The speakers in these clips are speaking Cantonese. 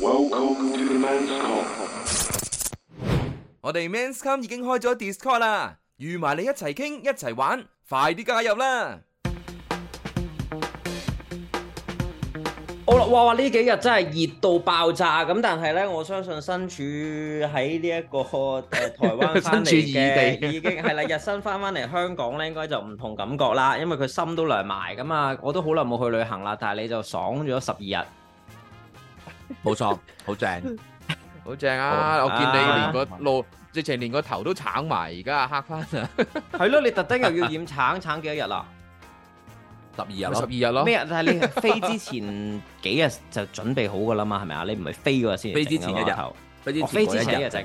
Welcome to the men's come。 我哋 men's come 已經開咗 Discord 啦，預埋你一齊傾一齊玩，快啲加入啦！我話哇話呢幾日真係熱到爆炸咁，但係咧，我相信身處喺呢一個台灣翻嚟嘅，身處異地已經係啦， 日新翻翻嚟香港咧，應該就唔同感覺啦，因為佢心都涼埋咁啊。我都好耐冇去旅行啦，但係你就爽咗十二日。冇錯，好正，好正啊！我見你連個路，直情連個頭都橙埋，而家黑翻啊！係咯，你特登又要染橙，橙幾多日啦？十二日十二日咯。咩日？但係你飛之前幾日就準備好噶啦嘛？係咪啊？你唔係飛過先，飛之前一日，飛之前一日整。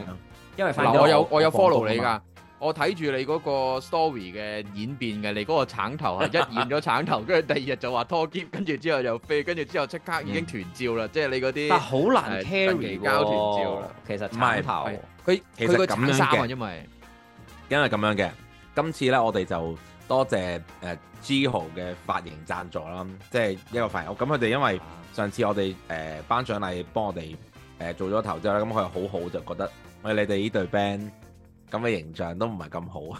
因為我有我有 follow 你噶。我睇住你嗰個 story 嘅演變嘅，你嗰個橙頭係一染咗橙頭，跟住第二日就話拖肩，跟住之後又飛，跟住之後即刻已經團照啦，即係你嗰啲。好難 carry 交團照，其實橙頭佢佢個橙衫啊，因為因為咁樣嘅。今次咧，我哋就多謝誒 G 豪嘅髮型贊助啦，即係一個髮型。咁佢哋因為上次我哋誒頒獎禮幫我哋誒、呃、做咗頭之後咧，咁佢好好就覺得喂，你哋呢隊 band，咁嘅形象都唔係咁好啊？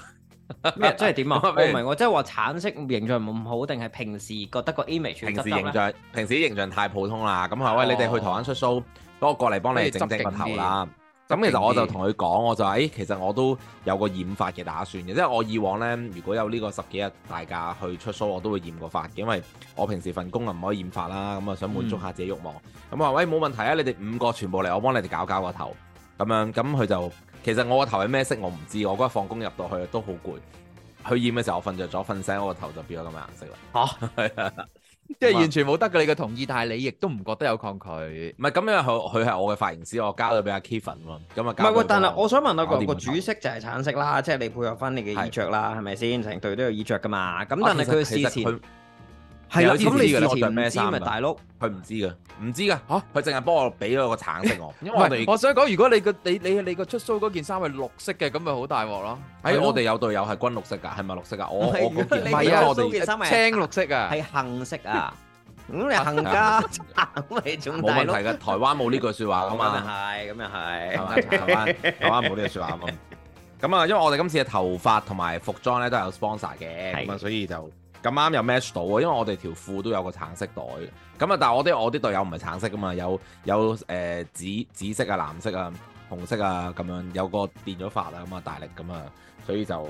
即係點啊？ 我唔明我，我即係話橙色形象唔好，定係平時覺得個 image 平時形象平時形象太普通啦。咁啊喂，哦、你哋去台灣出 show，不過過嚟幫你整整個頭啦。咁其實我就同佢講，我就誒、哎，其實我都有個染髮嘅打算嘅，即係我以往呢，如果有呢個十幾日大家去出 show，我都會染個髮嘅，因為我平時份工啊唔可以染髮啦。咁啊想滿足下自己欲望。咁啊、嗯、喂，冇問題啊，你哋五個全部嚟，我幫你哋搞搞個頭。咁樣咁佢就。其實我個頭係咩色我唔知，我嗰日放工入到去都好攰，去染嘅時候我瞓着咗，瞓醒我個頭就變咗咁嘅顏色啦。吓，係啊，即係 完全冇得你嘅同意，但係你亦都唔覺得有抗拒。唔係咁樣，因為佢佢係我嘅髮型師，我交咗俾阿 Kevin 咯。咁啊，唔係喂，但係我想問阿個問你個，個主色就係橙色啦，嗯、即係你配合翻你嘅衣着啦，係咪先？成隊都有衣着噶嘛。咁但係佢事前。係啊，咁你之前唔知咪大陸，佢唔知噶，唔知噶，嚇佢淨係幫我俾咗個橙色我。因為，我想講，如果你個你你你個出 show 嗰件衫係綠色嘅，咁咪好大鑊咯。喺我哋有隊友係軍綠色噶，係咪綠色啊？我我嗰件，唔係啊，我哋青綠色噶，係杏色啊。咁你杏家橙咪仲大咯？冇問題噶，台灣冇呢句說話噶嘛。係咁又係，台灣台灣冇呢句說話啊嘛。咁啊，因為我哋今次嘅頭髮同埋服裝咧都係有 sponsor 嘅，咁所以就。咁啱又 match 到啊，因為我哋條褲都有個橙色袋，咁啊，但係我啲我啲隊友唔係橙色噶嘛，有有誒、呃、紫紫色啊、藍色啊、紅色啊咁樣，有個變咗髮啊，咁啊大力咁啊，所以就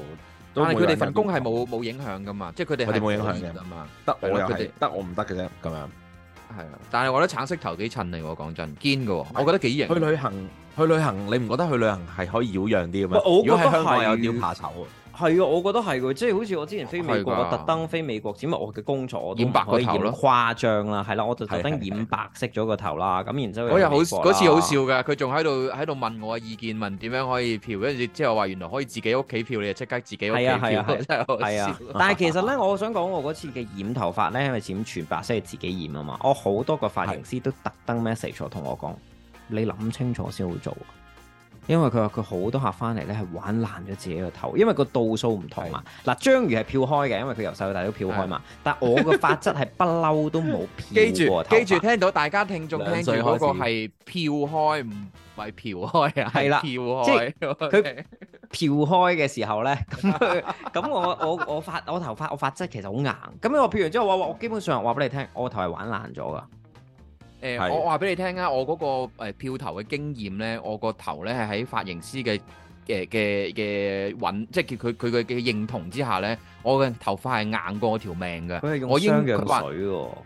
但係佢哋份工係冇冇影響噶嘛，即係佢哋冇影響嘅嘛，得我哋得的我唔得嘅啫，咁樣係啊，但係我覺得橙色頭幾襯你喎，講真堅嘅喎，是我覺得幾型。去旅行去旅行，你唔覺得去旅行係可以擾攘啲嘅咩？如果喺香港有啲怕醜係啊，我覺得係啊，即係好似我之前飛美國，特登的飛美國，只咪我嘅工作我都可以染誇張啦，係啦，我就特登染白色咗個頭啦，咁的然之後嗰日好嗰次好笑嘅，佢仲喺度喺度問我意見，問點樣可以漂，跟住之後話原來可以自己屋企漂，你就即刻自己屋企漂，係啊係啊係啊， 但係其實呢，我想講我嗰次嘅染頭髮呢，因為剪全白色，係自己染啊嘛，我好多個髮型師的都特登 message 我同我講，你諗清楚先會做。因為佢話佢好多客翻嚟咧係玩爛咗自己個頭，因為個度數唔同嘛。嗱的，章魚係漂開嘅，因為佢由細到大都漂開嘛。的但我個髮質係不嬲都冇漂過頭。記住，記住聽到大家聽眾聽到嗰個係漂開，唔係漂開啊。係啦，漂開，即係佢漂開嘅時候咧。咁我我我髮我頭髮我髮質其實好硬。咁我漂完之後，我我基本上話俾你聽，我頭係玩爛咗噶。誒、呃是，我我話俾你聽啊，我嗰個誒漂頭嘅經驗咧，我個頭咧係喺髮型師嘅誒嘅嘅揾，即係佢佢佢嘅認同之下咧，我嘅頭髮係硬過我條命嘅。佢係用雙氧水喎。誒應，係說、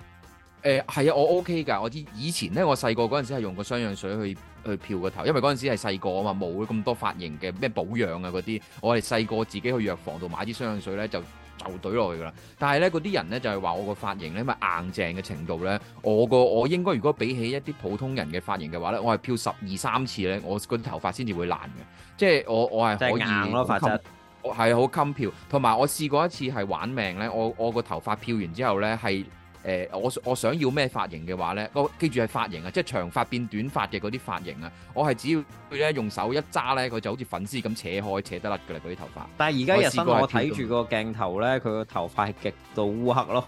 呃、啊，我 OK 㗎。我啲以前咧，我細個嗰陣時係用個雙氧水去去漂個頭，因為嗰陣時係細個啊嘛，冇咁多髮型嘅咩保養啊嗰啲，我哋細個自己去藥房度買啲雙氧水咧就。就懟落去噶啦，但係咧，嗰啲人咧就係話我個髮型咧，咪硬淨嘅程度咧，我個我應該如果比起一啲普通人嘅髮型嘅話咧，我係漂十二三次咧，我個頭髮先至會爛嘅，即係我我係可以。即係硬咯，髮質。我係好襟漂，同埋我試過一次係玩命咧，我我個頭髮漂完之後咧係。誒，我我想要咩髮型嘅話咧，我記住係髮型啊，即係長髮變短髮嘅嗰啲髮型啊，我係只要佢咧用手一揸咧，佢就好似粉絲咁扯開扯得甩嘅啦，嗰啲頭髮。但係而家日新，我睇住個鏡頭咧，佢個頭髮係極度烏黑咯。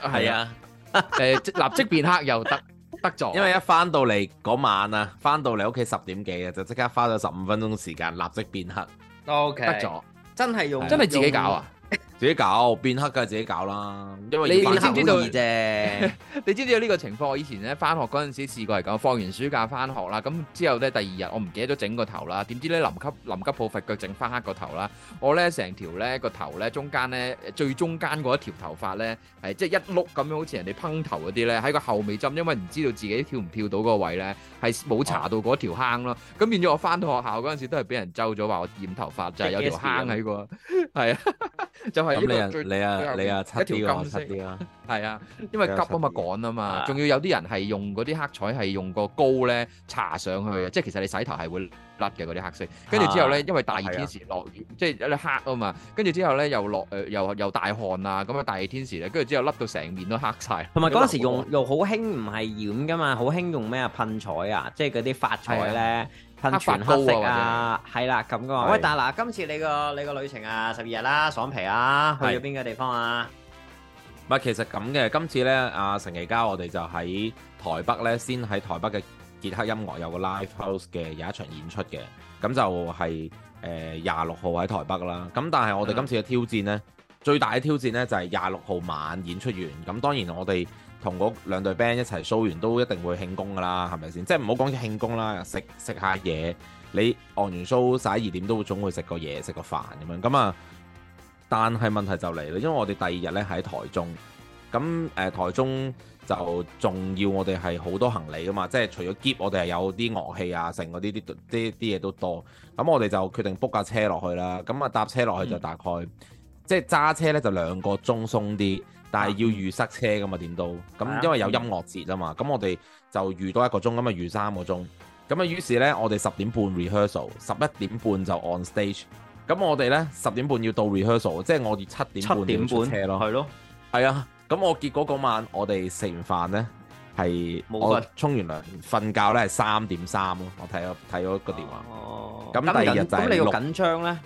係啊，誒，即立即變黑又得得咗。因為一翻到嚟嗰晚啊，翻到嚟屋企十點幾啊，就即刻花咗十五分鐘時間立即變黑。O K，得咗。真係用真係自己搞啊！自己搞變黑嘅自己搞啦，因為你你知唔知道？ 你知唔知道呢個情況？我以前咧翻學嗰陣時試過係咁，放完暑假翻學啦，咁之後咧第二日我唔記得咗整個頭啦，點知咧臨急臨急抱佛腳整翻黑個頭啦。我咧成條咧個頭咧中間咧最中間嗰一條頭髮咧係即係一碌咁樣，好似人哋噴頭嗰啲咧喺個後尾針，因為唔知道自己跳唔跳到嗰位咧，係冇搽到嗰條坑咯。咁哇變咗我翻到學校嗰陣時都係俾人揪咗話我染頭髮就係有條坑喺、嗰個，係啊 就。咁你啊你啊你啊七點啊七點啊，係啊，因為急啊嘛趕啊嘛，仲要有啲人係用嗰啲黑彩係用個膏咧搽上去，即係其實你洗頭係會甩嘅嗰啲黑色。跟住之後咧，因為大熱天時落雨，即係有啲黑啊嘛。跟住之後咧又落誒又又大汗啊，咁啊大熱天時咧，跟住之後甩到成面都黑晒。同埋嗰陣時用又好興唔係染噶嘛，好興用咩啊噴彩啊，即係嗰啲發彩咧。噴泉黑色啊，係、啊、啦咁噶喂，大係嗱，今次你個你個旅程啊，十二日啦，爽皮啊，是去咗邊個地方啊？唔係，其實咁嘅，今次呢，阿、啊、成奇嘉，我哋就喺台北呢，先喺台北嘅傑克音樂有個 live house 嘅有一場演出嘅，咁就係誒廿六號喺台北啦。咁但係我哋今次嘅挑戰呢，嗯、最大嘅挑戰呢，就係廿六號晚演出完，咁當然我哋。同嗰兩隊 band 一齊 show 完都一定會慶功㗎啦，係咪先？即係唔好講慶功啦，食食下嘢。你按完 show 十一二點都總會食個嘢，食個飯咁樣。咁啊，但係問題就嚟啦，因為我哋第二日咧喺台中，咁誒、呃、台中就仲要，我哋係好多行李㗎嘛。即係除咗 gear，我哋係有啲樂器啊，剩嗰啲啲啲嘢都多。咁我哋就決定 book 架車落去啦。咁啊，搭車落去就大概、嗯、即係揸車咧就兩個鐘鬆啲。但係要預塞車㗎嘛，點都咁，因為有音樂節啊嘛，咁我哋就預多一個鐘，咁啊預三個鐘，咁啊於是呢，我哋十點半 rehearsal，十一點半就 on stage。咁我哋呢，十點半要到 rehearsal，即係我哋七點半要坐車咯。係咯，係啊。咁我結果嗰晚我哋食完飯咧，係我沖完涼瞓覺呢係三點三咯。我睇咗睇咗個電話。哦。咁第二日咁你要緊張咧？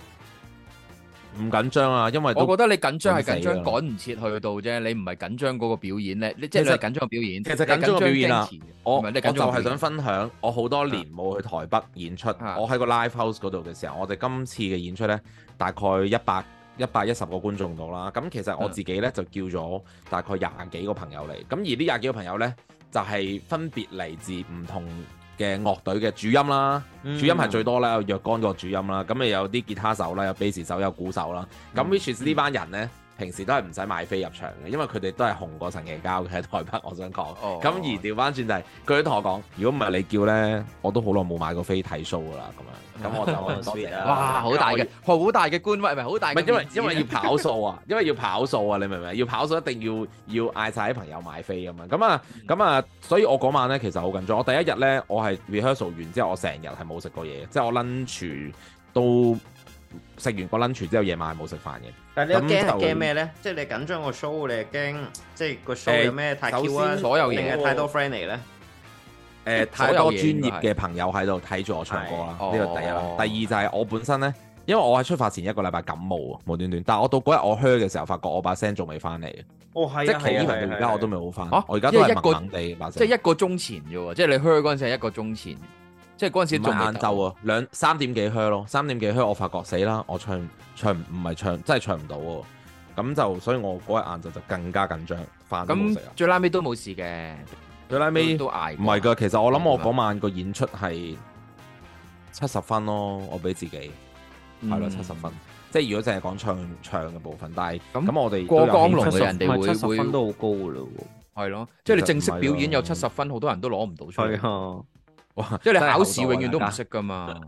唔緊張啊，因為我覺得你緊張係緊張趕唔切去到啫，你唔係緊張嗰個表演咧，你即係緊張個表演。其實緊張個表演啦，我唔我就係想分享，我好多年冇去台北演出，我喺個 live house 嗰度嘅時候，我哋今次嘅演出咧大概一百一百一十個觀眾度啦，咁其實我自己咧就叫咗大概廿幾個朋友嚟，咁而呢廿幾個朋友咧就係分別嚟自唔同嘅樂隊嘅主音啦，主音係最多啦，有若干個主音啦，咁咪有啲吉他手啦，有貝斯手，有鼓手啦，咁 which is 呢、嗯、班人呢？平時都係唔使買飛入場嘅，因為佢哋都係紅過神奇膠。嘅喺台北。我想講，咁、oh, 而調翻轉就係、是，佢都同我講，如果唔係你叫呢，我都好耐冇買過飛睇 show 噶啦。咁樣，咁我就 哇，好大嘅，好大嘅官位，唔係好大嘅。唔係因為因為要跑數啊，因為要跑數啊，你明唔明？要跑數一定要要嗌晒啲朋友買飛咁啊，咁啊， 所以我嗰晚呢，其實好緊張。我第一日呢，我係 rehearsal 完之後，我成日係冇食過嘢，即、就、係、是、我 lunch 都。食完個 lunch 之後夜晚係冇食飯嘅。但係你驚驚咩咧？即係你緊張個 show，你驚即係個 show 有咩太 cut 定係太多 friend 嚟咧？誒，太多專業嘅朋友喺度睇住我唱歌啦。呢個第一。第二就係我本身咧，因為我喺出發前一個禮拜感冒啊，無端端。但係我到嗰日我 hur 嘅時候，發覺我把聲仲未翻嚟。哦即係其實而家我都未好翻。我而家都係硬硬地，即係一個鐘前啫喎，即係你 hur 嗰陣時係一個鐘前。即係嗰陣時仲晏晝啊，兩三點幾 hur 咯，三點幾 hur 我發覺死啦，我唱唱唔係唱，真係唱唔到，咁就所以我嗰日晏晝就更加緊張。翻咁最拉尾都冇事嘅，最拉尾都捱唔係噶。其實我諗我嗰晚個演出係七十分咯，我俾自己係咯七十分。即係如果淨係講唱唱嘅部分，但係咁我哋過江龍嘅人哋會分都好高噶啦。係咯，即係你正式表演有七十分，好多人都攞唔到出因為你考試永遠都唔識噶嘛，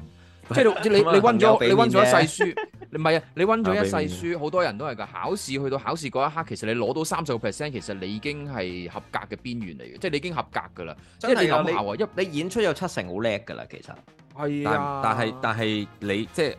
即係你你溫咗你溫咗一世書，唔係啊，你溫咗一世書，好多人都係噶，考試去到考試嗰一刻，其實你攞到三十個 percent，其實你已經係合格嘅邊緣嚟嘅，即係你已經合格噶啦。即係你諗下，一你演出有七成好叻噶啦，其實係啊。但係但係你即係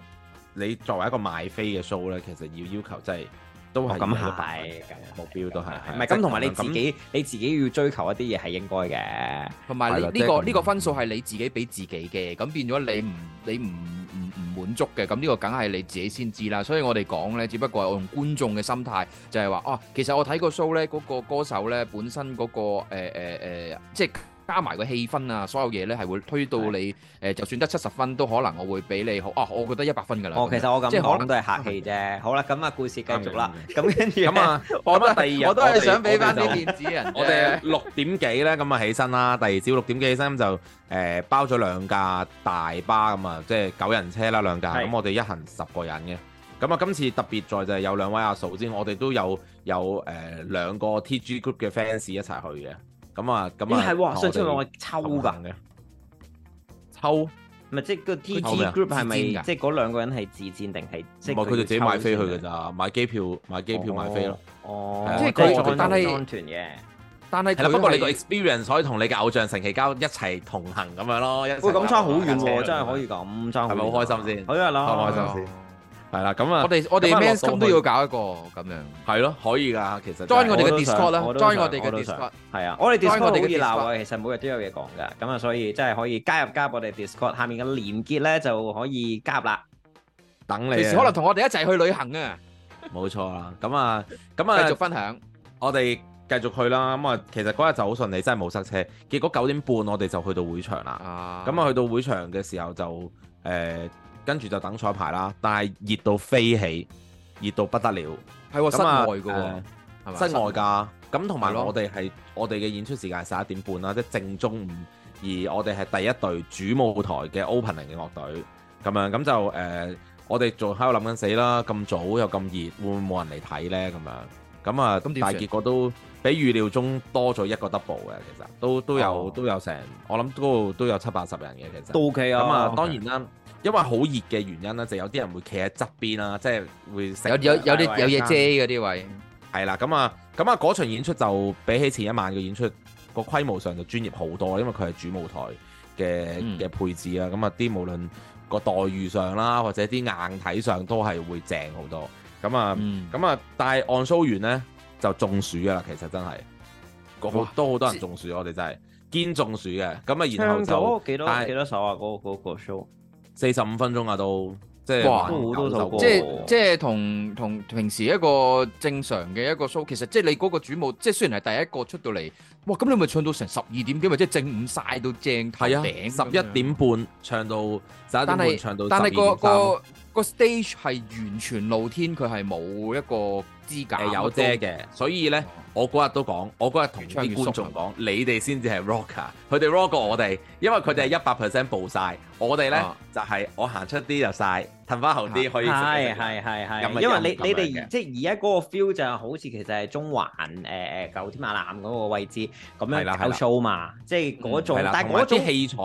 你作為一個賣飛嘅 show 咧，其實要要求真係。都係咁係嘅，的目標都係，唔係咁，同埋你自己這樣 你自己要追求一啲嘢係應該嘅，同埋呢個呢的個分數係你自己俾自己嘅。咁變咗你唔的你唔唔唔滿足嘅，咁呢個梗係你自己先知啦。所以我哋講呢，只不過我用觀眾嘅心態就，就係話啊，其實我睇過 show 呢嗰，那個歌手呢，本身嗰，那個誒誒、呃呃呃、即係。加埋個氣氛啊！所有嘢咧係會推到你誒，就算得七十分都可能，我會俾你好啊！我覺得一百分噶啦。哦，其實我咁講都係客氣啫。好啦，咁啊故事繼續啦。咁跟住咁啊，我都第二日，我都係想俾翻啲電子人。我哋六點幾咧，咁啊起身啦。第二朝六點幾起身咁就誒包咗兩架大巴咁啊，即係九人車啦，兩架。咁我哋一行十個人嘅。咁啊，今次特別在就係有兩位阿嫂先，我哋都有有誒兩個 TG Group 嘅 fans 一齊去嘅。咁啊，咁啊，唔係喎，上次我係抽緊嘅，抽，唔係即係個 T G group 係咪即係嗰兩個人係自薦定係？即係佢哋自己買飛去嘅咋，買機票買機票買飛咯。哦，即係佢，但係，但係，係不過你個 experience 可以同你嘅偶像神奇膠一齊同行咁樣咯。喂，咁差好遠喎，真係可以咁差好遠。係咪好開心先？好唔開心先？係啦，咁啊，我哋我哋 Instagram 都要搞一個咁樣，係咯，可以噶，其實 join 我哋嘅 Discord 啦，join 我哋嘅 Discord，係啊，我哋 Discord 我哋嘅 Discord 其實每日都有嘢講噶，咁啊，所以真係可以加入加入我哋 Discord，下面嘅鏈接咧就可以加入啦，等你，隨時可能同我哋一齊去旅行啊，冇錯啦，咁啊，咁啊，繼續分享，我哋繼續去啦，咁啊，其實嗰日就好順利，真係冇塞車，結果九點半我哋就去到會場啦，咁啊，去到會場嘅時候就誒。跟住就等彩排啦，但係熱到飛起，熱到不得了。係喎，啊、室外嘅喎、啊，室外㗎。咁同埋我哋係我哋嘅演出時間係十一點半啦、啊，即、就、係、是、正中午。而我哋係第一隊主舞台嘅 opening 嘅樂隊咁樣。咁就誒、呃，我哋仲喺度諗緊死啦。咁早又咁熱，會唔會冇人嚟睇呢？咁樣咁啊，但係結果都比預料中多咗一個 double 嘅，其實都都有、哦、都有成，我諗嗰度都有七八十人嘅其實。都 OK 啊。咁、啊、當然啦。Okay. 因為好熱嘅原因咧，就有啲人會企喺側邊啦，即係會有有有啲有嘢遮嗰啲位。係啦，咁啊，咁啊，嗰場演出就比起前一晚嘅演出個規模上就專業好多，因為佢係主舞台嘅嘅、嗯、配置啊。咁啊，啲無論個待遇上啦，或者啲硬體上都係會正好多。咁啊，咁啊、嗯嗯嗯，但係 on show 完呢，就中暑噶啦，其實真係好都好哇多，多人中暑，我哋真係堅中暑嘅。咁啊，然後，然後就幾是多幾多首啊？嗰、嗰個 show。四十五分鐘啊，都即係都好多首歌，即係即係同同平時一個正常嘅一個 show，其實即係你嗰個主舞，即係雖然係第一個出到嚟。哇！咁你咪唱到成十二點幾，咪即正午晒到正頂啊，十一點半唱到十一點半唱到十二點但係、那個、那個那個 stage 係完全露天，佢係冇一個支架、呃，有遮嘅。都所以呢，哦、我嗰日都講，我嗰日同啲觀眾講，你哋先至係 rocker，佢哋 rock,、er, rock er、過我哋，嗯、因為佢哋係一百 percent 暴晒。我哋呢，嗯、就係我行出啲就晒。騰翻後啲可以係係係係，喝喝因為你這樣 你哋即係而家嗰個 feel 就好似其實係中環誒誒舊天馬艦嗰個位置咁樣 show 嘛，即係嗰種。嗯、但係嗰種器材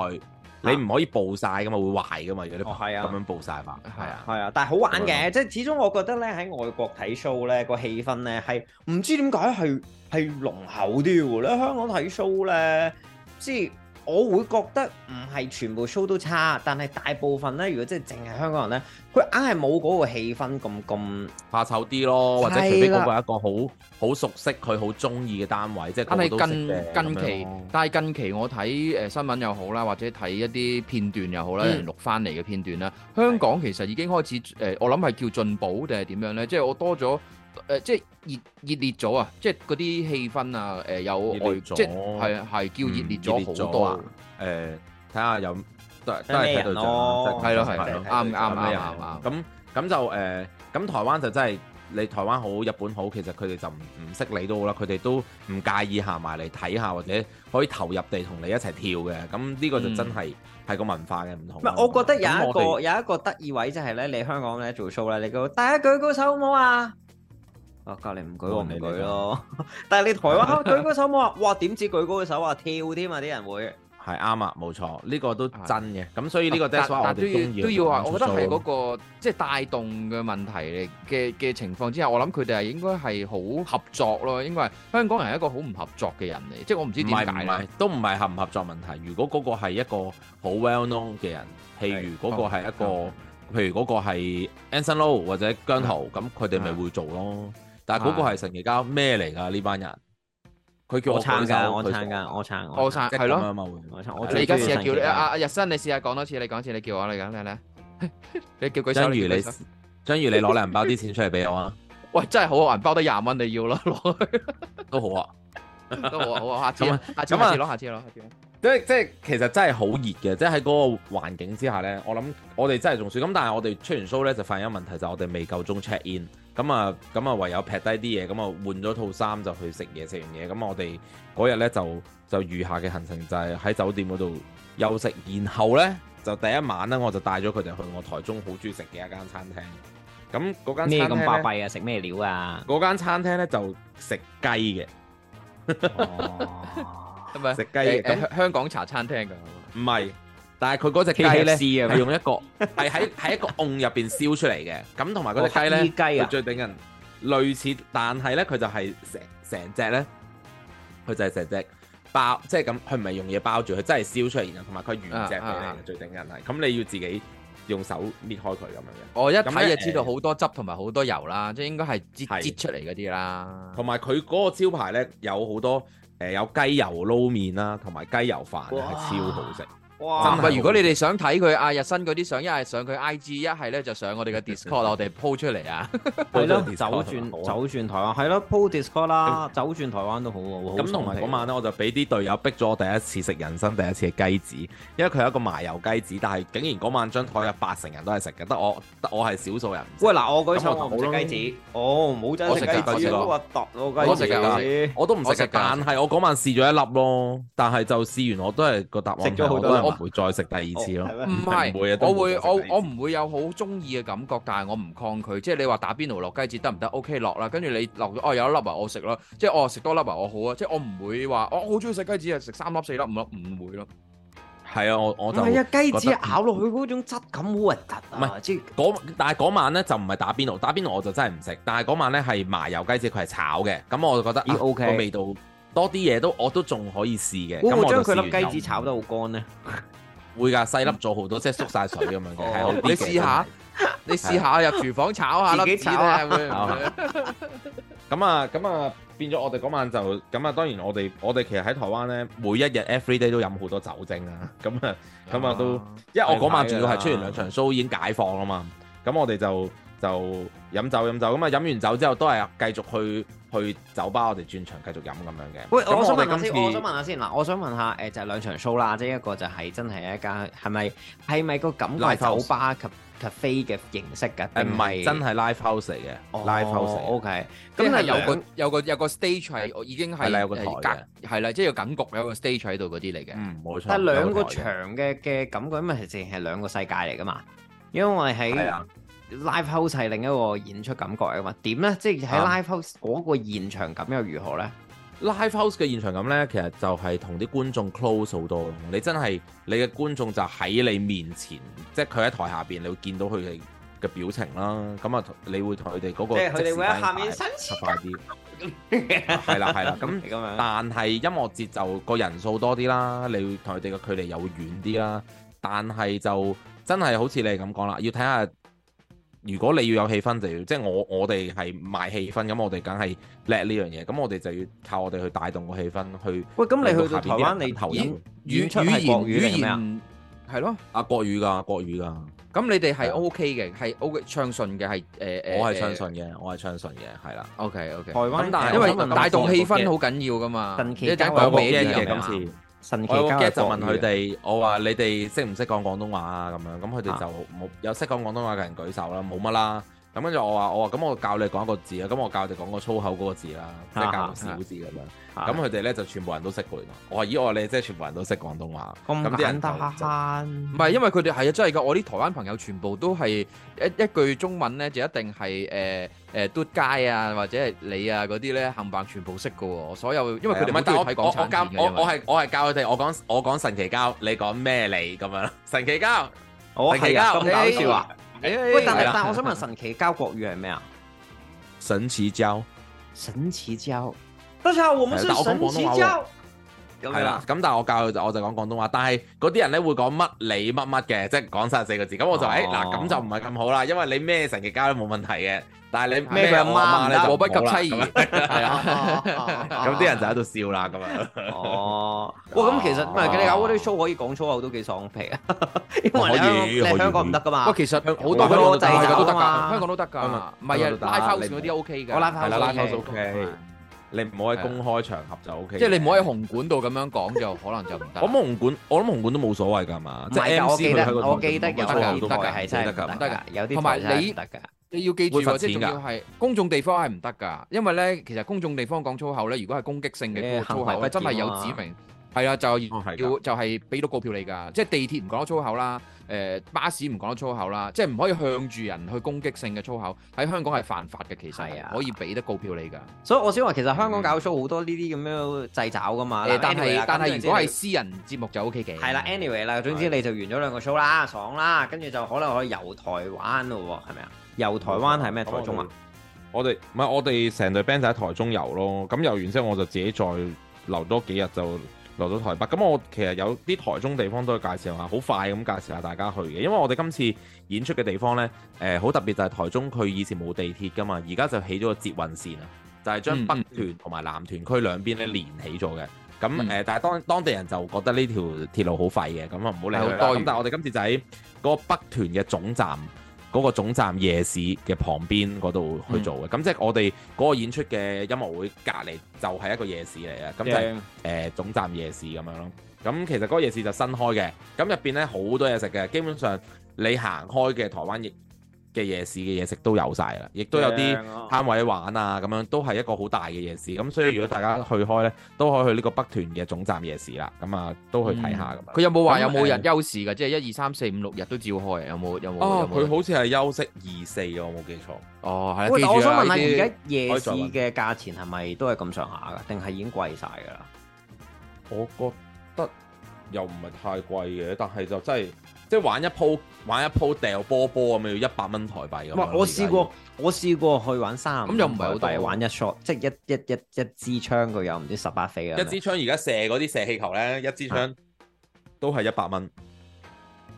你唔可以暴晒㗎嘛，會壞㗎嘛，如果你有啲咁樣暴晒嘛，係啊的。係啊，但係好玩嘅，的即係始終我覺得咧喺外國睇 show 咧、個氣氛咧係唔知點解係係濃厚啲喎。你喺香港睇 show 咧，知。我會覺得唔係全部 show 都差，但係大部分呢，如果即係淨係香港人呢，佢硬係冇嗰個氣氛，咁咁怕醜啲咯，或者除非嗰個係一個好好是的 熟悉佢好中意嘅單位，即、就、係、是、近，近期，但係近期我睇誒新聞又好啦，或者睇一啲片段又好啦，嗯、錄翻嚟嘅片段啦，香港其實已經開始誒的、呃，我諗係叫進步定係點樣呢？即、就、係、是、我多咗。誒，即係熱熱烈咗啊！即係嗰啲氣氛啊，誒有外即係係係叫熱烈咗好多啊！誒，睇下有都係睇到長，係咯係咯，啱啱啱啊？咁咁就誒，咁台灣就真係你台灣好，日本好，其實佢哋就唔唔識你都好啦，佢哋都唔介意行埋嚟睇下或者可以投入地同你一齊跳嘅。咁呢個就真係係個文化嘅唔同。我覺得有一個有一個得意位就係咧，你香港咧做 show 咧，你個大家舉高手好唔好啊？啊！隔離唔舉，我唔舉咯。但係你台灣舉嗰手冇啊！哇，點知舉高嘅手啊，跳添啊啲人會。係啱啊，冇錯，呢個都真嘅。咁所以呢個，但都要都要話，我覺得係嗰個即係帶動嘅問題嚟嘅嘅情況之下，我諗佢哋係應該係好合作咯。應該係香港人係一個好唔合作嘅人嚟，即係我唔知點解。都唔係合唔合作問題。如果嗰個係一個好 well known 嘅人，譬如嗰個係一個，譬如嗰個係 Anson Lo 或者姜濤，咁佢哋咪會做咯。但嗰個係神奇膠咩嚟㗎？呢班人佢叫我撐㗎，我撐㗎，我撐我撐係咯，我你而家試下叫你阿阿日新，你試下講多次，你講一次，你叫我嚟㗎，你你你叫佢張如你張如你攞銀包啲錢出嚟俾我啊！喂，真係好銀包得廿蚊，你要咯，攞都好啊，都好啊，好啊，下次下次攞，下次攞，下次。即即其實真係好熱嘅，即喺嗰個環境之下咧，我諗我哋真係仲算咁，但係我哋出完 show 咧就發現一個問題，就我哋未夠鐘 check in。咁啊，咁啊，唯有劈低啲嘢，咁啊，換咗套衫就去食嘢，食完嘢，咁我哋嗰日咧就就餘下嘅行程就係喺酒店嗰度休息，然後咧就第一晚咧我就帶咗佢哋去我台中好中意食嘅一間餐廳。咁嗰間咩咁巴閉啊？食咩料啊？嗰間餐廳咧就雞食雞嘅，唔係食雞嘅，香港茶餐廳㗎，唔係那。但係佢嗰隻雞咧，係用一個係喺喺一個甕入邊燒出嚟嘅，咁同埋嗰隻雞咧，雞雞啊、最頂人類似，但係咧佢就係成成隻咧，佢就係成隻包，即係咁，佢唔係用嘢包住，佢真係燒出嚟，然後同埋佢原隻最頂人嚟。咁你要自己用手搣開佢咁樣嘅。我一睇就知道好多汁同埋好多油啦，即係那、呃、應該係擠，是擠出嚟嗰啲啦。同埋佢嗰個招牌咧有好多誒，有雞油撈麵啦，同埋雞油飯係哇超好食。哇！如果你哋想睇佢阿日新嗰啲相，一係上佢 I G，一係咧就上我哋嘅 Discord 我哋 po 出嚟啊！係咯，走轉走轉台灣，係咯 po Discord 啦，走轉台灣都好好。咁同埋嗰晚咧，我就俾啲隊友逼咗我第一次食人生，第一次嘅雞子，因為佢係一個麻油雞子，但係竟然嗰晚張台有八成人都係食嘅，得我得我係少數人。喂嗱，我嗰場我唔食雞子，我唔好雞子。我食雞子我都唔食嘅，但係我嗰晚試咗一粒咯，但係就試完我都係個答案咗好多人。唔會再食第二次咯。唔係、哦，我會我我唔會有好中意嘅感覺，但係我唔抗拒。即係你話打邊爐落雞子得唔得？O K 落啦，跟、okay, 住你落咗，哦有一粒啊、哦，我食咯。即係我食多粒啊，我好啊。即係我唔會話我好中意食雞子啊，食三粒四粒五粒，唔會咯。係啊，我我就、啊、雞子咬落去嗰種質感好核突唔係即係嗰但係嗰晚咧就唔係打邊爐，打邊爐我就真係唔食。但係嗰晚咧係麻油雞子，佢係炒嘅，咁我就覺得 O K 個味道。啊多啲嘢都我都仲可以試嘅，會唔會將佢粒雞子炒得好乾咧？會㗎，細粒做好多，即係縮晒水咁樣嘅。你試下，你試下入廚房炒下粒子啦。係咪？咁啊，咁啊，變咗我哋嗰晚就咁啊。當然我哋我哋其實喺台灣咧，每一日 every day 都飲好多酒精啊。咁啊，咁啊都，因為我嗰晚仲要係出完兩場 show 已經解放啊嘛。咁我哋就。就飲酒飲酒咁啊！飲、嗯嗯、完酒之後都係繼續去去酒吧，我哋轉場繼續飲咁樣嘅。喂，我我哋今次我想問下先嗱，我想問下誒、呃，就係、是、兩場 show 啦，即係一個就係、是、真係一間係咪係咪個感覺酒吧及 cafe Life 嘅 House. ca 形式㗎？誒唔係，真係 live house 嚟嘅，live house。OK，咁係有個有個有個 stage 係已經有係係隔係啦，即係個感覺有個 stage 喺度嗰啲嚟嘅。冇、嗯、錯。但係兩個場嘅嘅感覺，因為自然係兩個世界嚟㗎嘛，因為喺。是是的 live house 係另一個演出感覺嚟嘛？點咧？即係喺 live house 嗰個現場感又如何咧、嗯？live house 嘅現場感咧，其實就係同啲觀眾 close 好多咯。你真係你嘅觀眾就喺你面前，即係佢喺台下邊，你會見到佢哋嘅表情啦。咁啊，你會同佢哋嗰個即係佢哋會喺下面身前快啲，係啦係啦。咁咁、啊啊、但係音樂節就個人數多啲啦，你會同佢哋嘅距離又會遠啲啦。但係就真係好似你咁講啦，要睇下。如果你要有氣氛，就要即係我我哋係賣氣氛，咁我哋梗係叻呢樣嘢。咁我哋就要靠我哋去帶動個氣氛去。喂，咁你去到台灣，你投音語語言語言係咯？啊，國語㗎國語㗎。咁你哋係 O K 嘅，係 O K 暢順嘅，係誒誒。我係暢順嘅，我係暢順嘅，係啦。O K O K。台灣但係因為帶動氣氛好緊要㗎嘛，你講咩嘢今次？神奇嘅，就問佢哋，語我話你哋識唔識講廣東話啊？咁樣，咁佢哋就冇有識講、啊、廣東話嘅人舉手啦，冇乜啦。咁跟住我話我話咁我教你講一個字啊，咁我教你哋講個粗口嗰個字啦，即係教小字咁樣。咁佢哋咧就全部人都識佢。我話咦，我話你即係全部人都識廣東話，咁簡單。唔係，因為佢哋係啊，真係噶。我啲台灣朋友全部都係一一句中文咧，就一定係誒誒嘟街啊或者係你啊嗰啲咧，冚唪唥全部識噶。所有因為佢哋唔係我我係我係教佢哋，我講我講神奇膠，你講咩你咁樣。神奇膠，神奇膠，搞笑話。哎、喂，但係、哎、呀但，但我想問神奇膠國語係咩？啊？神奇膠，神奇膠，大我們是神奇膠。係啦，咁但係我教佢就我就講廣東話，但係嗰啲人咧會講乜你乜乜嘅，即係講晒四個字。咁我就誒嗱，咁、哦哎、就唔係咁好啦，因為你咩神奇膠都冇問題嘅。但係你咩佢阿媽咧，你就不及妻兒，係啊，咁啲人就喺度笑啦，咁樣。哦，哇，咁其實唔係你搞嗰啲 show 可以講粗口都幾爽皮啊，因為你香港唔得噶嘛。哇，其實好多都得噶，香港都得噶嘛。唔係啊，拉拉 out 嗰啲 O K 噶，拉拉 out O K。你唔好喺公開場合就 O K。即係你唔好喺紅館度咁樣講就可能就唔得。我諗紅館，我諗紅館都冇所謂㗎嘛。即係 M C 喺個紅館都得㗎，係真係得㗎，得㗎，有啲同埋你。你要記住喎，即係仲要係公眾地方係唔得噶，因為咧其實公眾地方講粗口咧，如果係攻擊性嘅粗口，真係有指明，係啦就要就係俾到告票你噶。即係地鐵唔講得粗口啦，誒巴士唔講得粗口啦，即係唔可以向住人去攻擊性嘅粗口喺香港係犯法嘅，其實可以俾得告票你噶。所以我想話，其實香港搞 show 好多呢啲咁樣掣肘噶嘛，但係但係如果係私人節目就 O K 嘅。係啦，anyway 啦，總之你就完咗兩個 show 啦，爽啦，跟住就可能可以遊台灣咯喎，係咪啊？遊台灣係咩台中啊？我哋唔係我哋成隊 band 就喺台中遊咯。咁遊完之後，我就自己再留多幾日，就留到台北。咁我其實有啲台中地方都介紹下，好快咁介紹下大家去嘅。因為我哋今次演出嘅地方呢，誒、呃、好特別就係台中，佢以前冇地鐵噶嘛，而家就起咗個捷運線啊，就係、是、將北屯同埋南屯區兩邊咧連起咗嘅。咁誒、呃，但係當當地人就覺得呢條鐵路好廢嘅，咁啊唔好理啦。咁、嗯、但係我哋今次就喺嗰個北屯嘅總站。嗰個總站夜市嘅旁邊嗰度去做嘅，咁、嗯、即係我哋嗰個演出嘅音樂會隔離就係一個夜市嚟嘅。咁就誒、係 Yeah. 呃、總站夜市咁樣咯。咁其實嗰個夜市就新開嘅，咁入邊呢好多嘢食嘅，基本上你行開嘅台灣嘅夜市嘅嘢食都有晒啦，亦都有啲攤位玩啊，咁樣都係一個好大嘅夜市。咁所以如果大家去開咧，都可以去呢個北屯嘅總站夜市啦。咁啊，都去睇下咁。佢、嗯、樣有冇話有冇人休市嘅？嗯、即係一二三四五六日都照開，有冇有冇？佢、哦、好似係休息二四我冇記錯。哦，係。但係我想問下，而家夜市嘅價錢係咪都係咁上下噶？定係已經貴晒噶啦？我覺得又唔係太貴嘅，但係就真係。即係玩一鋪，玩一鋪掉波波咁要一百蚊台幣咁。唔係，我試過，我試過去玩三，咁又唔係好大，玩一 shot，即係一、一、一一支槍佢又唔知十八飛啊。一支槍而家射嗰啲射氣球咧，一支槍、啊、都係一百蚊。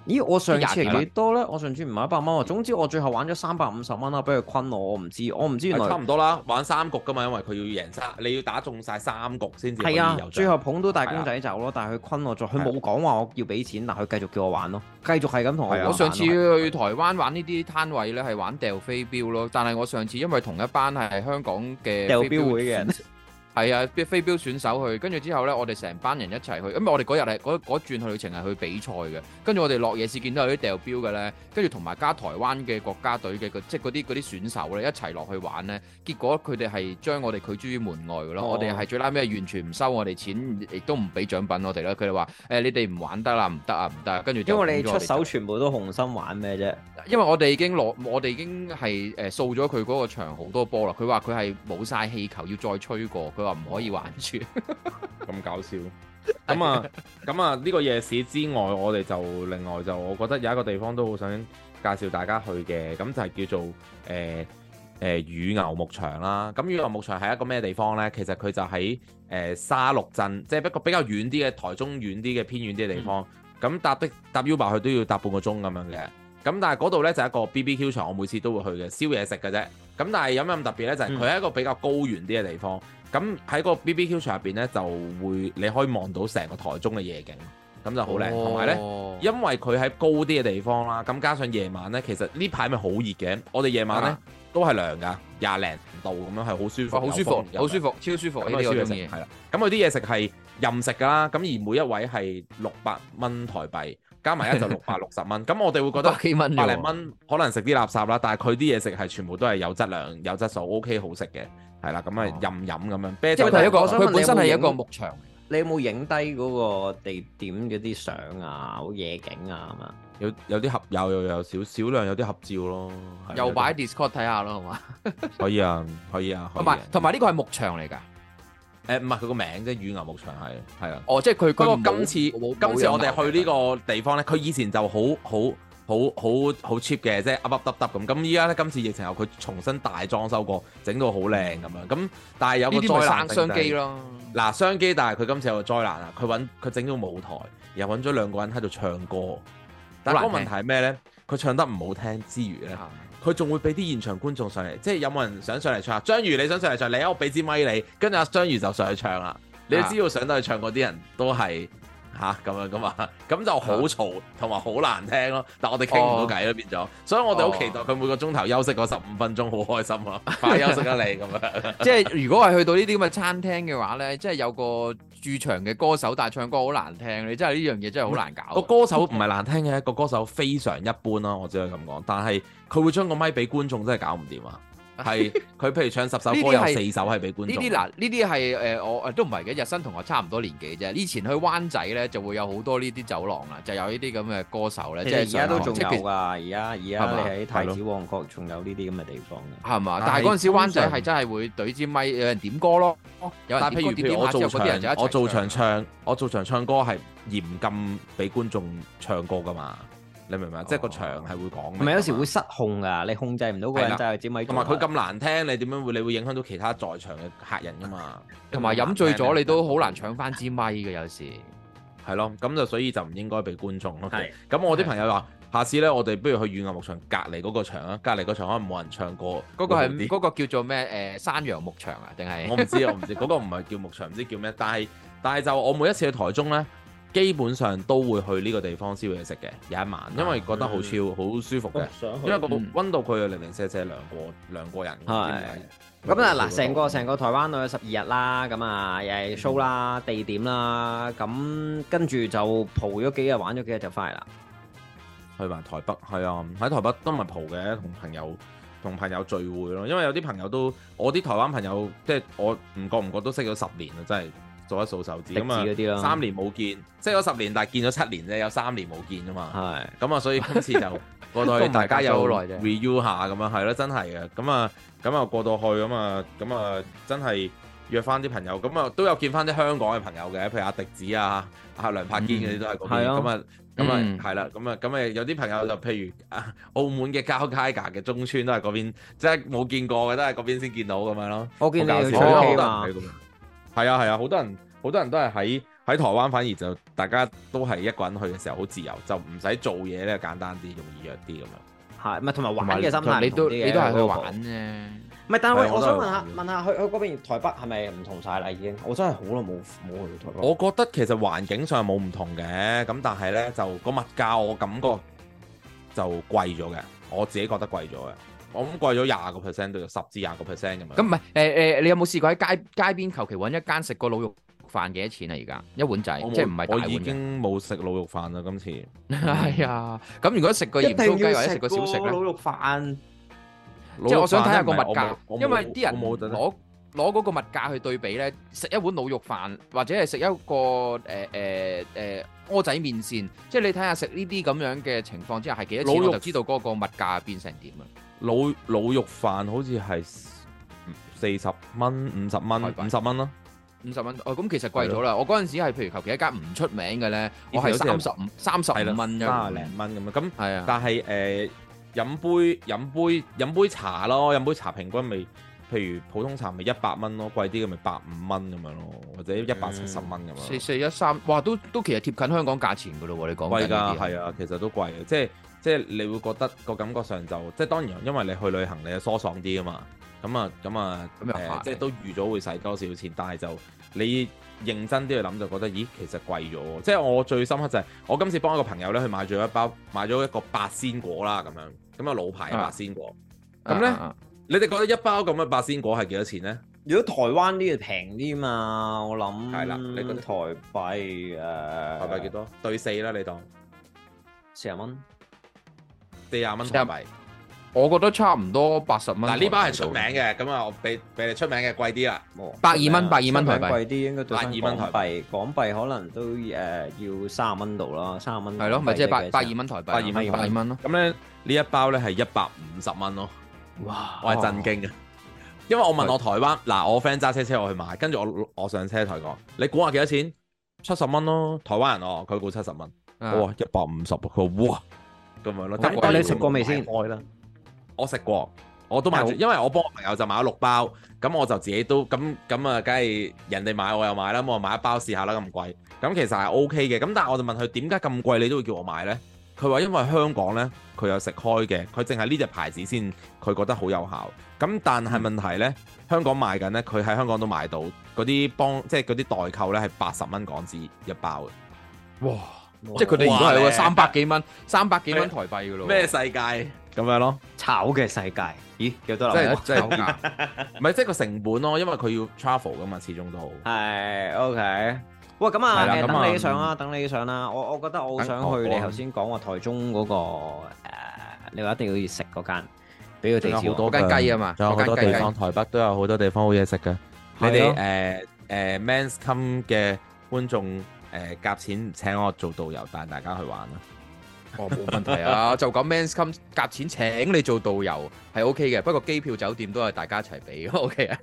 咦，我上次係幾多咧？我上次唔係一百蚊喎。總之我最後玩咗三百五十蚊啦，俾佢昆我，我唔知，我唔知原來差唔多啦。玩三局噶嘛，因為佢要贏曬，你要打中晒三局先至有。係啊，最後捧到大公仔走咯，啊、但係佢昆我咗，佢冇講話我要俾錢，啊、但係佢繼續叫我玩咯，繼續係咁同我玩、啊。我上次去台灣玩呢啲攤位咧，係玩掉飛鏢咯，但係我上次因為同一班係香港嘅掉鏢會嘅人。 係啊，啲飛鏢選手去，跟住之後呢，我哋成班人一齊去，因為我哋嗰日係嗰轉去旅程係去比賽嘅，跟住我哋落夜市見到有啲掉鏢嘅呢。跟住同埋加台灣嘅國家隊嘅即係嗰啲嗰啲選手咧一齊落去玩呢。結果佢哋係將我哋拒諸於門外嘅咯，哦、我哋係最拉尾，完全唔收我哋錢，亦都唔俾獎品我哋啦。佢哋話誒你哋唔玩得啦，唔得啊，唔得，跟住因為你出手全部都紅心玩，玩咩啫？因為我哋已經落，我哋已經係誒掃咗佢嗰個場好多波啦。佢話佢係冇晒氣球要再吹過。佢話唔可以玩住，咁搞笑。咁 啊，咁啊，呢、呢個夜市之外，我哋就另外就，我覺得有一個地方都好想介紹大家去嘅，咁就係叫做誒誒、呃呃、乳牛牧場啦。咁乳牛牧場係一個咩地方呢？其實佢就喺誒、呃、沙鹿鎮，即係不過比較遠啲嘅台中遠啲嘅偏遠啲嘅地方。咁、嗯、搭的搭 Uber 去都要搭半個鐘咁樣嘅。咁但係嗰度呢，就係、一個 BBQ 場，我每次都會去嘅，燒嘢食嘅啫。咁但係有咩咁特別呢？就係佢係一個比較高原啲嘅地方。嗯咁喺個 BBQ 場入邊呢，就會你可以望到成個台中嘅夜景，咁就好靚。同埋、哦、呢，因為佢喺高啲嘅地方啦，咁加上夜晚呢，其實呢排咪好熱嘅，我哋夜晚呢，嗎都係涼噶，廿零度咁樣係好舒服。好、哦、舒服，好風了舒服，超舒服。呢啊，有啲嘢食係啦。咁佢啲嘢食係任食噶啦，咁而每一位係六百蚊台幣，加埋一就六百六十蚊。咁我哋會覺得百幾蚊，百零蚊可能食啲垃圾啦，但係佢啲嘢食係全部都係有質量、有質素，OK 好食嘅。係啦，咁啊任飲咁樣，即係一個。佢本身係一個牧場，你有冇影低嗰個地點嗰啲相啊？好夜景啊？有有啲合有有有少少量有啲合照咯。又擺 Discord 睇下咯，好嘛？可以啊，可以啊。同埋同埋呢個係牧場嚟㗎。誒唔係佢個名即係，乳牛牧場係係啊。哦，即係佢嗰個今次今次我哋去呢個地方咧，佢以前就好好。好好好 cheap 嘅，即係凹凹凸凸咁。咁依家呢，今次疫情後佢重新大裝修過，整到好靚咁樣。咁但係有個災難，商機咯。嗱，商機，但係佢今次有個災難啊！佢揾佢整咗舞台，又揾咗兩個人喺度唱歌。但係個問題係咩呢？佢、嗯、唱得唔好聽之餘呢，佢仲的會俾啲現場觀眾上嚟，即係有冇人想上嚟唱？章魚你想上嚟唱，你我俾支咪，你，跟住阿章魚就上去唱啦。的你知道，上到去唱嗰啲人都係。嚇咁、啊、樣噶嘛，咁就好嘈同埋好難聽咯。但我哋傾唔到偈咯，哦、變咗。所以我哋好期待佢每個鐘頭休息嗰十五分鐘，好開心咯。哦、快休息啊，你咁 樣。即係如果係去到呢啲咁嘅餐廳嘅話呢，即係有個駐場嘅歌手，但係唱歌好難聽。你真係呢樣嘢真係好難搞。個歌手唔係難聽嘅，個歌手非常一般咯、啊。我只可以咁講。但係佢會將個麥俾觀眾，真係搞唔掂啊！係佢 譬如唱十首歌，有四首係俾觀眾。呢啲嗱，呢啲係誒我誒都唔係嘅，日新同我差唔多年紀啫。以前去灣仔咧，就會有好多呢啲走廊啊，就有呢啲咁嘅歌手咧，即係而家都仲有噶。而家而家你喺太子旺角仲有呢啲咁嘅地方，係嘛吧？吧但係嗰陣時灣仔係真係會對支咪有人點歌咯。但係是 譬，譬如我做啲場，人就我做場唱，唱，我做場唱，唱，唱，唱歌係嚴禁俾觀眾唱歌噶嘛。你明唔明？即係個場係會講，係咪有時會失控㗎？你控制唔到個人就係支咪。同埋佢咁難聽，你點樣會？你會影響到其他在場嘅客人㗎嘛？同埋飲醉咗，你都好難搶翻支咪嘅有時。係咯，咁就所以就唔應該俾觀眾咯。係。咁我啲朋友話：下次咧，我哋不如去乳牛牧場隔離嗰個場啊，隔離個場可能冇人唱歌。嗰個係嗰個叫做咩？誒山羊牧場啊，定係？我唔知我唔知嗰個唔係叫牧場，唔知叫咩？但係但係就我每一次去台中咧。基本上都會去呢個地方燒嘢食嘅，有一晚，因為覺得好超好舒服嘅，嗯、因為個溫度佢係零零舍舍涼過涼過人。係咁啊嗱，成個成個台灣都有十二日啦，咁啊又係 show 啦，嗯、地點啦，咁跟住就蒲咗幾日，玩咗幾日就翻嚟啦。去埋台北，係啊，喺台北都唔係蒲嘅，同朋友同朋友聚會咯，因為有啲朋友都我啲台灣朋友，即係我唔覺唔覺都識咗十年啦，真係。做一數手指，笛子啲啦，三年冇見，即係有十年，但係見咗七年啫，有三年冇見啫嘛。係是，咁啊，所以今次就過到去 aciones 大家有好耐嘅 r e 下咁樣，係咯，真係嘅。咁啊，咁啊過到去，咁啊，咁啊真係約翻啲朋友，咁啊都有見翻啲香港嘅朋友嘅，譬如阿迪子啊，阿梁柏堅嗰啲都係嗰邊。係啊。咁啊，咁啊，係啦，咁啊，咁啊有啲朋友就譬如啊，澳門嘅交街嘅中村都係嗰邊，即係冇見過嘅，都係嗰、就是、邊先見到咁樣咯。我見到。要係啊係啊，好多人好多人都係喺喺台灣，反而就大家都係一個人去嘅時候，好自由，就唔使做嘢咧，簡單啲，容易約啲咁樣。係、啊，唔係同埋玩嘅心態你，你都你都係去玩啫。唔係，但係我，對我想問下，問下去去嗰邊台北係咪唔同晒啦？已經，我真係好耐冇冇去台北。我覺得其實環境上冇唔同嘅，咁但係咧就個物價我感覺就貴咗嘅，我自己覺得貴咗嘅。我咁貴咗廿個 percent 到十至廿個 percent 咁樣。咁唔係，誒誒、呃，你有冇試過喺街街邊求其揾一間食個鹵肉飯幾多錢啊？而家一碗仔，即係唔係大碗嘅？我已經冇食鹵肉飯啦，今次。係啊、 哎，咁如果食個鹽酥雞或者食個小食咧？鹵肉飯。即我想睇下個物價，因為啲人攞攞嗰個物價去對比咧，食一碗鹵肉飯或者係食一個誒誒誒蚵仔麵線，即係你睇下食呢啲咁樣嘅情況之下係幾多錢，老肉 我就知道嗰個物價變成點啦。滷滷肉飯好似係四十蚊、五十蚊、五十蚊咯，五十蚊。哦，咁、嗯、其實貴咗啦。的我嗰陣時係譬如求其一家唔出名嘅咧，我係三十五、三十五蚊，三十零蚊咁樣。咁，係啊。的但係誒、呃，飲杯飲杯飲杯茶咯，飲杯茶平均未？譬如普通茶咪一百蚊咯，貴啲咁咪百五蚊咁樣咯，或者一百七十蚊咁樣。四四一三，哇，都都其實貼近香港價錢噶咯喎，你講緊啲。貴㗎，係啊，其實都貴嘅，即係即係你會覺得個感覺上就即係當然，因為你去旅行你係疏爽啲啊嘛，咁啊咁啊，咁又即係都預咗會使多少錢，但係就你認真啲去諗就覺得，咦，其實貴咗。即係我最深刻就係我今次幫一個朋友咧去買咗一包買咗一個八仙果啦咁樣，咁啊老牌八仙果，咁咧。你哋覺得一包咁嘅八仙果係幾多錢咧？如果台灣呢度平啲嘛，我諗。係啦，你講台幣誒？台幣幾多？對四啦，你當四十蚊，四十蚊台幣。我覺得差唔多八十蚊。嗱呢包係出名嘅，咁啊，我畀畀你出名嘅貴啲啦。百二蚊，百二蚊台幣貴啲，應該百二蚊，台幣，港幣可能都誒要三十蚊度啦，三十蚊。係咯，咪即係百百二蚊台幣，百二蚊，百二蚊咯。咁咧呢一包咧係一百五十蚊咯。哇！我係震驚啊！ 因為我問我台灣嗱是，我 friend 揸車車我去買，跟住我我上車台講，你估下幾多錢？七十蚊咯，台灣人哦，佢估七十蚊，哇一百五十，佢哇咁咪咯。但係你食過未先？愛啦，我食過，我都買，因為我幫朋友就買咗六包，咁的我就自己都咁咁啊，梗係人哋買我又買啦，我買一包試下啦，咁貴，咁其實係 O K 嘅，咁但係我就問佢點解咁貴你都會叫我買咧？佢話因為香港咧，佢有食開嘅，佢淨係呢隻隻牌子先，佢覺得好有效。咁但係問題咧，香港賣緊咧，佢喺香港都買到嗰啲幫，即係嗰啲代購咧，係八十蚊港紙一包嘅。哇！哇即係佢哋如果唔係三百幾蚊，是三百幾蚊台幣嘅咯。咩世界？咁樣咯，炒嘅世界。咦？幾多人炒？唔係 即係個成本咯，因為佢要 travel 噶嘛，始終都好係 OK。喂，咁啊，等你上啦、啊，等你上啦、啊啊，我我覺得我好想去、啊、你頭先講話台中嗰、嗰個、呃、你話一定要食嗰間，比如仲有好多間雞啊嘛，仲有好多地方、啊、台北都有好多地方好嘢食嘅，的你哋誒誒、呃呃、Men's Come 嘅觀眾誒夾、呃、錢請我做導遊帶大家去玩啦。哦，冇問題啊！ 就講 Man's Come 夾錢請你做導遊係 OK 嘅，不過機票酒店都係大家一齊俾 OK 啊！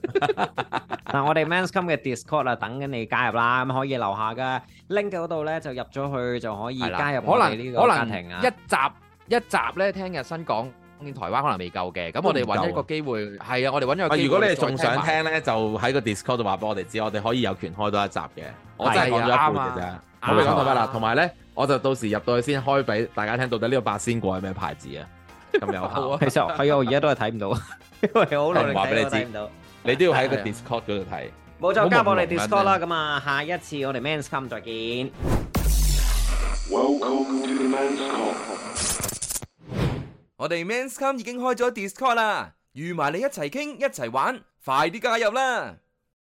但我哋 Man's Come 嘅 Discord 啊，等緊你加入啦，咁可以留下噶 link 嗰度咧就入咗去就可以加入我哋呢個家庭啊！一集一集咧，聽日新講，見台灣可能未夠嘅，咁我哋揾一個機會，係啊，我哋揾咗個機會。如果你仲想聽咧，就喺個 Discord 度話俾我哋知，我哋可以有權開多一集嘅。我真係講好啦，好啦、啊，嗱，同埋咧，我就到時入到去先開俾大家聽，到底呢個八仙果係咩牌子啊？咁有效，係啊，我而家都係睇唔到，因為唔話俾你知，你都要喺個 Discord 嗰度睇。冇再加我哋 Discord 啦。咁啊，下一次我哋 Men's Come 再見。Welcome to Men's Come 我哋 Men's Come 已經開咗 Discord 啦，預埋你一齊傾，一齊玩，快啲加入啦！